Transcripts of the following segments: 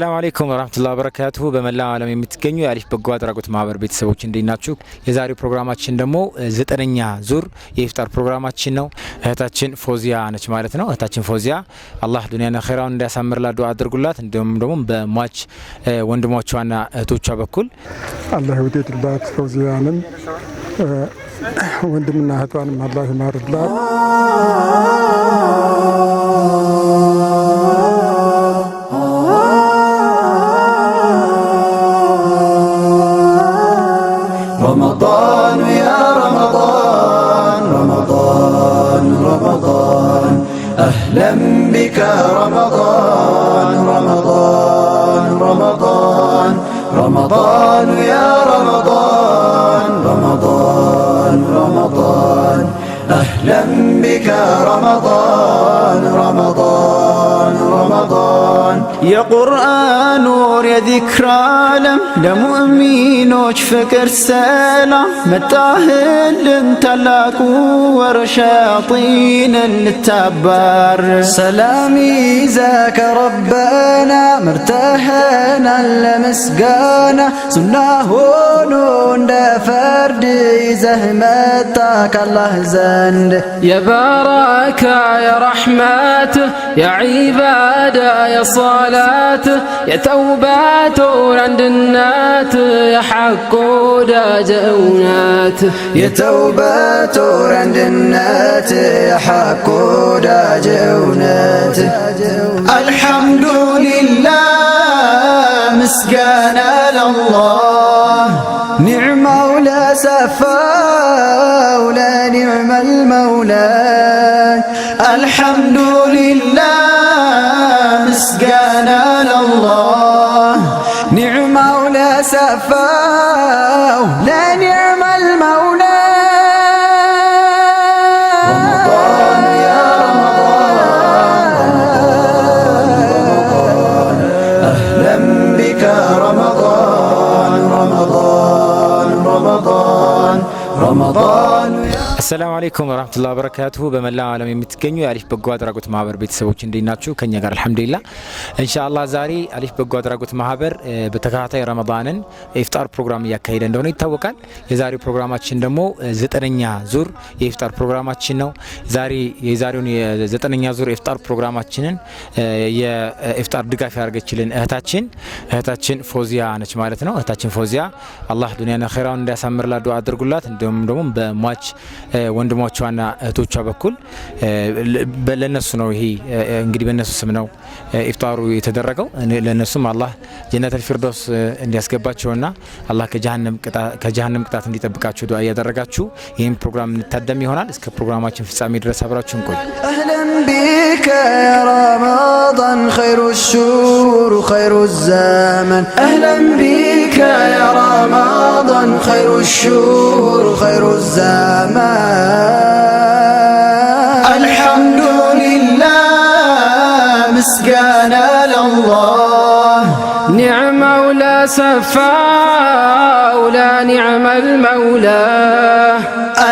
ሰላም አለይኩም ወራህመቱላ ወበረካቱሁ። በመላ ዓለም የምትገኙ የአሊፍ በጎ አድራጎት ማህበር ቤተሰቦች እንዴት ናችሁ? የዛሬው ፕሮግራማችን ደግሞ ዘጠነኛ ዙር የኢፍጣር ፕሮግራማችን ነው። እህታችን ፎዚያ ነች ማለት ነው። እህታችን ፎዚያ አላህ ዱኒያና ኸይራውን እንዲያሳምርላት ዱዓ አድርጉላት። እንዲሁም ደግሞ በሟች ወንድሞቿና እህቶቿ በኩል አላህ ይውደድላት። ፎዚያንም ወንድምና እህቷንም አላህ ይማርላት። يا قرآن نور يا ذكر عالم لمؤمن وش فكر سلام متاهل انت لك شياطين التبار سلامي زاك ربنا مرتاحنا لمسقانا سنة هون فرد زهمتك الله زند يا بركة يا رحمته يا عبادة يا صلاة صلات يا توبات النات يا حق وداج جونات يا توبات النات يا حق وداج جونات الحمد لله مسكان لله نعم ولا سفا ولا نعم المولى الحمد لله أسقانا الله نعم ولا سفاه አለይኩም ወራህመቱላሂ ወበረካቱሁ። በመላው ዓለም የምትገኙ የአሊፍ በጎ አድራጎት ማህበር ቤተሰቦች እንዴት ናችሁ? ከኛ ጋር አልሐምዱሊላህ። ኢንሻአላህ ዛሬ አሊፍ በጎ አድራጎት ማህበር በተከታታይ ረመዳንን የኢፍጣር ፕሮግራም እያካሄደ እንደሆነ ይታወቃል። የዛሬው ፕሮግራማችን ደግሞ ዘጠነኛ ዙር የኢፍጣር ፕሮግራማችን ነው። ዛሬ የዛሬውን የዘጠነኛ ዙር የኢፍጣር ፕሮግራማችንን የኢፍጣር ድጋፍ ያደርገችልን እህታችን እህታችን ፎዚያ ነች ማለት ነው። እህታችን ፎዚያ አላህ ዱንያና ኸይራውን እንዲያሳምርላት ዱአ አድርጉላት። እንዲሁም ደግሞ በሟች ወንድ ወንድሞቿና እህቶቿ በኩል ለነሱ ነው ይሄ እንግዲህ በነሱ ስም ነው ኢፍጣሩ የተደረገው። ለነሱም አላህ ጀነት ፊርዶስ እንዲያስገባቸውና አላህ ከጀሃነም ቅጣት እንዲጠብቃቸው ዱዓ እያደረጋችሁ ይህም ፕሮግራም እንታደም ይሆናል። እስከ ፕሮግራማችን ፍጻሜ ድረስ አብራችሁን ቆዩ። አህለን ቢከ ያ ረመዳን ኸይሩ ሹሁር ኸይሩ ዘመን አህለን ቢከ ያ ረመዳን ኸይሩ ሹሁር ኸይሩ ዘመን الحمد لله مسقانا لله نعم مولى سفا ولا نعم المولى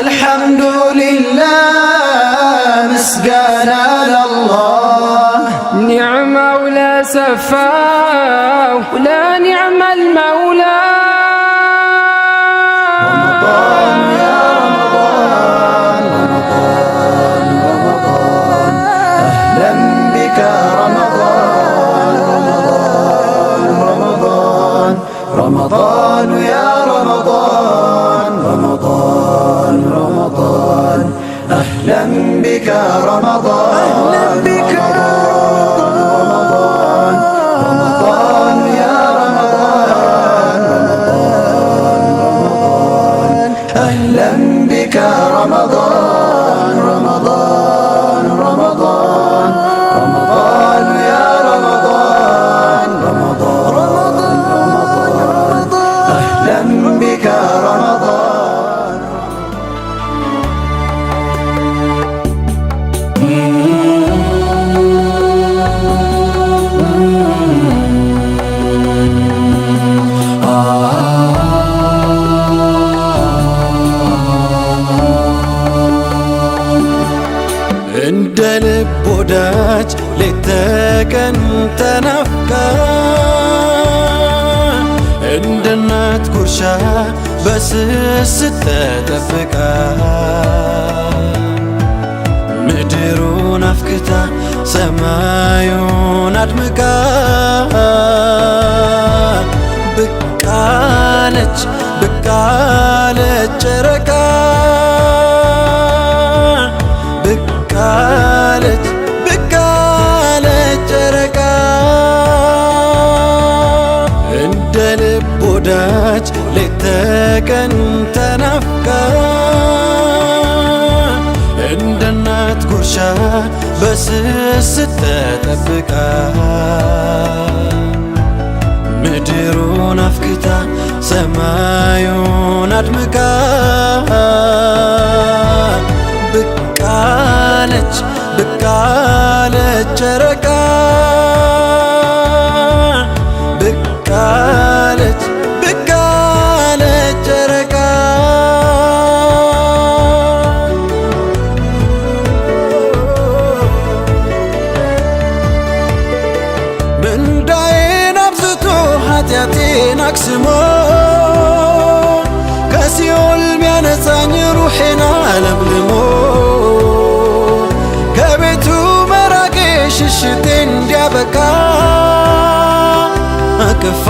الحمد لله مسقانا لله نعم مولى سفا ولا رمضان በስስት ተጠብቃ ምድሩን አፍክታ ሰማዩን አድምቃ ብቃለች ብቃለች ጨረቃ ጠብቃ ምድሩን አፍክታ ሰማዩን አድምቃ ብቃለች ብቃለች ጨረቃ ኃጢአቴን አክስሞ ከሲኦል ሚያነሳኝ ሩሔን አለምልሞ ከቤቱ መራቄ ሽሽቴ እንዲያበቃ አቅፋ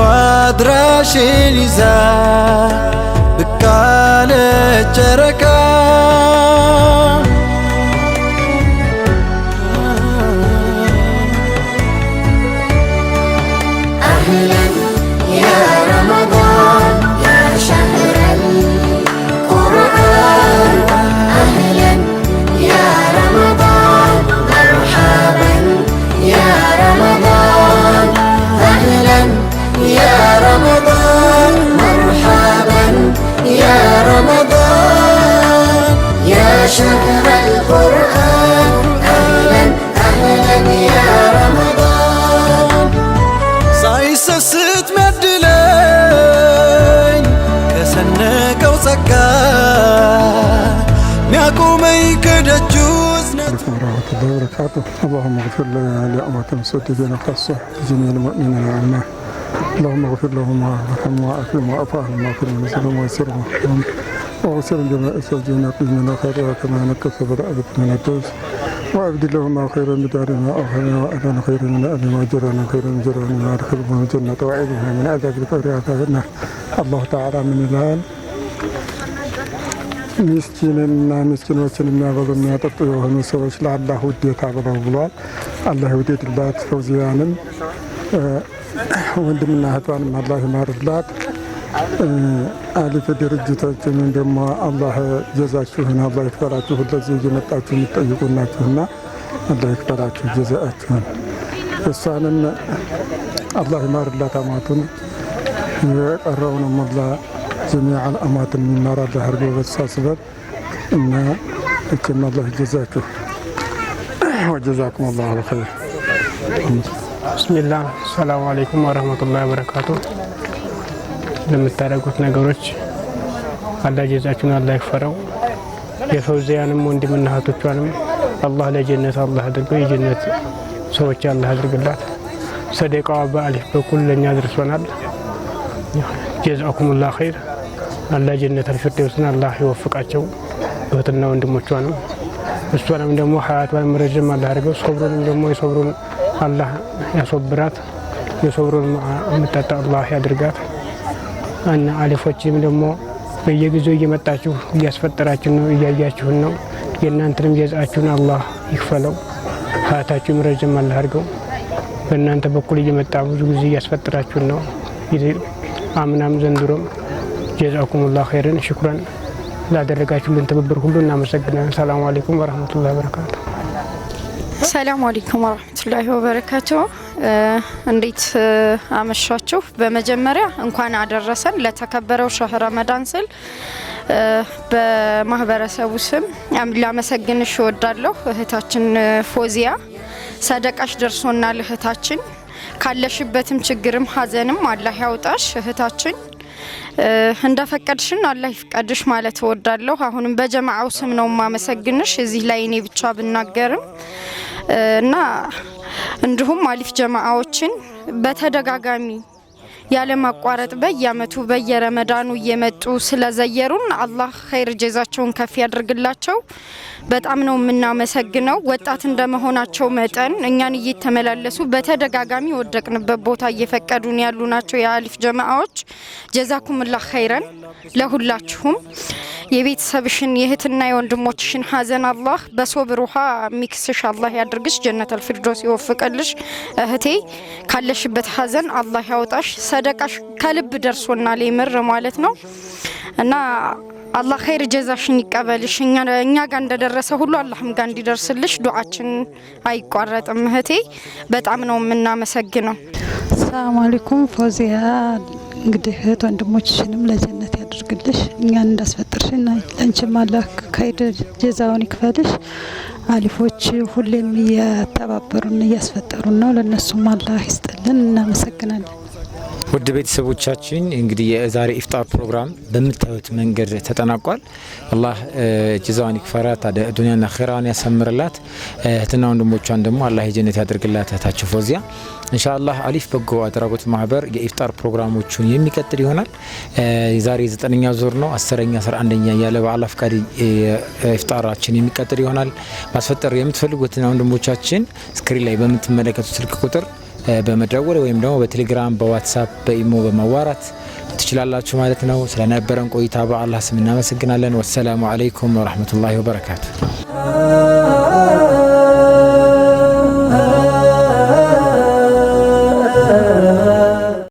አድራሼን ይዛ ጨረቃ عليكم ورحمة الله وبركاته اللهم اغفر لنا لأمة المسجدين خاصة جميع المؤمنين والمؤمنات اللهم اغفر لهم وارحمهم وعافهم وعافهم واغفرهم وسلم ويسرهم وارسل جميع السجين من خيرها كما نكسب الأدب من الدوس وأبدلهما خيرا من دارنا وأهلنا وأهلنا خيرا من ما جرى وجيراننا خيرا من جيراننا وأدخلهما الجنة وأعيدهما من عذاب القبر عذاب النار الله تعالى من الآن ምስኪንና ምስኪኖችን የሚያበሉ የሚያጠጡ የሆኑ ሰዎች ለአላህ ውዴታ ብለው ብሏል። አላህ ይውደድላት። ፈውዚያንም ወንድምና እህቷንም አላህ ይማርላት። አሊፍ ድርጅቶችንም ደግሞ አላህ ጀዛችሁን አላህ ይክፈላችሁ። ለዚህ እየመጣችሁ የሚጠይቁናችሁና አላህ ይክፈላችሁ ጀዛችሁን። እሷንም አላህ ይማርላት። አማቱን የቀረውንም አላህ ጀሚዓ አልአማት የሚማራ ዳህርጎ በተሳስበብ እና እክም አላህ ይጀዛችሁ ወጀዛኩም አላሁ ኸይር። ብስሚላ ሰላሙ አለይኩም ወረህመቱላሂ ወበረካቱ። ለምታደርጉት ነገሮች አላህ ጀዛችሁን አላህ ይክፈረው። የፈውዚያንም ወንድምና እህቶቿንም አላህ ለጀነት አላህ አድርጎ የጀነት ሰዎች አላህ አድርግላት። ሰደቃዋ በአሊፍ በኩል ለእኛ ደርሶናል። ጀዛኩሙላህ ኸይር አላህ ጀነተል ፊርደውስን አላህ ይወፍቃቸው እህትና ነው። እሷንም ደግሞ ሀያቷን መረጀም አላህ አድርገው ሶብሩንም ደግሞ የሶብሩን አላህ ያሶብራት የሶብሩን ምጠጣ አላህ ያድርጋት እና አሊፎችም ደግሞ በየጊዜው እየመጣችሁ እያስፈጠራችሁ ነው፣ እያያችሁን ነው። የእናንተንም የዛችሁን አላህ ይክፈለው። ሀያታችሁም ረጅም አላህ አድርገው። በእናንተ በኩል እየመጣ ብዙ ጊዜ እያስፈጠራችሁን ነው፣ አምናም ዘንድሮም ጀዛኩሙላ ኸይረን ሽኩረን ላደረጋችሁልን ትብብር ሁሉ እናመሰግናለን። ሰላሙ አሌይኩም ወረህመቱላ ወበረካቱ። ሰላሙ አሌይኩም ወረህመቱላሂ ወበረካቱ። እንዴት አመሻችሁ? በመጀመሪያ እንኳን አደረሰን ለተከበረው ሸህ ረመዳን ስል በማህበረሰቡ ስም ላመሰግንሽ እወዳለሁ። እህታችን ፎዚያ ሰደቃሽ ደርሶናል። እህታችን ካለሽበትም ችግርም ሀዘንም አላህ ያውጣሽ እህታችን እንደፈቀድሽን አላህ ይፍቀድሽ ማለት እወዳለሁ። አሁንም በጀማዓው ስም ነው ማመሰግንሽ እዚህ ላይ እኔ ብቻ ብናገርም እና እንዲሁም አሊፍ ጀማዓዎችን በተደጋጋሚ ያለማቋረጥ በየአመቱ በየረመዳኑ እየመጡ ስለዘየሩን አላህ ኸይር ጀዛቸውን ከፍ ያድርግላቸው። በጣም ነው የምናመሰግነው። ወጣት እንደመሆናቸው መጠን እኛን እየተመላለሱ በተደጋጋሚ ወደቅንበት ቦታ እየፈቀዱን ያሉ ናቸው የአሊፍ ጀማዎች። ጀዛኩምላህ ኸይረን ለሁላችሁም። የቤተሰብሽን የእህትና የወንድሞችሽን ሀዘን አላህ በሶብር ውሃ ሚክስሽ አላህ ያድርግሽ፣ ጀነት አልፍርዶስ ይወፍቀልሽ። እህቴ ካለሽበት ሀዘን አላህ ያወጣሽ። ሰደቃሽ ከልብ ደርሶናል የምር ማለት ነው እና አላህ ኸይር ጀዛሽን ይቀበልሽ። እኛ ጋር እንደደረሰ ሁሉ አላህም ጋር እንዲደርስልሽ ዱዓችን አይቋረጥም እህቴ። በጣም ነው የምናመሰግነው። ሰላም አለይኩም ፎዚያ። እንግዲህ እህት ወንድሞችሽንም ለጀነት ያድርግልሽ፣ እኛን እንዳስፈጥርሽን ለንችም አላህ ከይድ ጀዛውን ይክፈልሽ። አሊፎች ሁሌም እያተባበሩን እያስፈጠሩን ነው። ለእነሱም አላህ ይስጥልን። እናመሰግናለን። ውድ ቤተሰቦቻችን እንግዲህ የዛሬ ኢፍጣር ፕሮግራም በምታዩት መንገድ ተጠናቋል። አላህ ጅዛዋን ይክፈራት፣ ዱኒያና ኸራን ያሳምርላት። እህትና ወንድሞቿን ደግሞ አላህ የጀነት ያደርግላት። እህታቸው ፎዚያ ኢንሻአላህ አሊፍ በጎ አድራጎት ማህበር የኢፍጣር ፕሮግራሞቹን የሚቀጥል ይሆናል። ዛሬ ዘጠነኛ ዙር ነው። አስረኛ አስራ አንደኛ እያለ በአላህ ፍቃድ ኢፍጣራችን የሚቀጥል ይሆናል። ማስፈጠር የምትፈልጉትና ወንድሞቻችን ስክሪን ላይ በምትመለከቱ ስልክ ቁጥር በመደወል ወይም ደግሞ በቴሌግራም፣ በዋትሳፕ፣ በኢሞ በመዋራት ትችላላችሁ ማለት ነው። ስለነበረን ቆይታ በአላህ ስም እናመሰግናለን። ወሰላሙ አለይኩም ወረህመቱላሂ ወበረካቱ።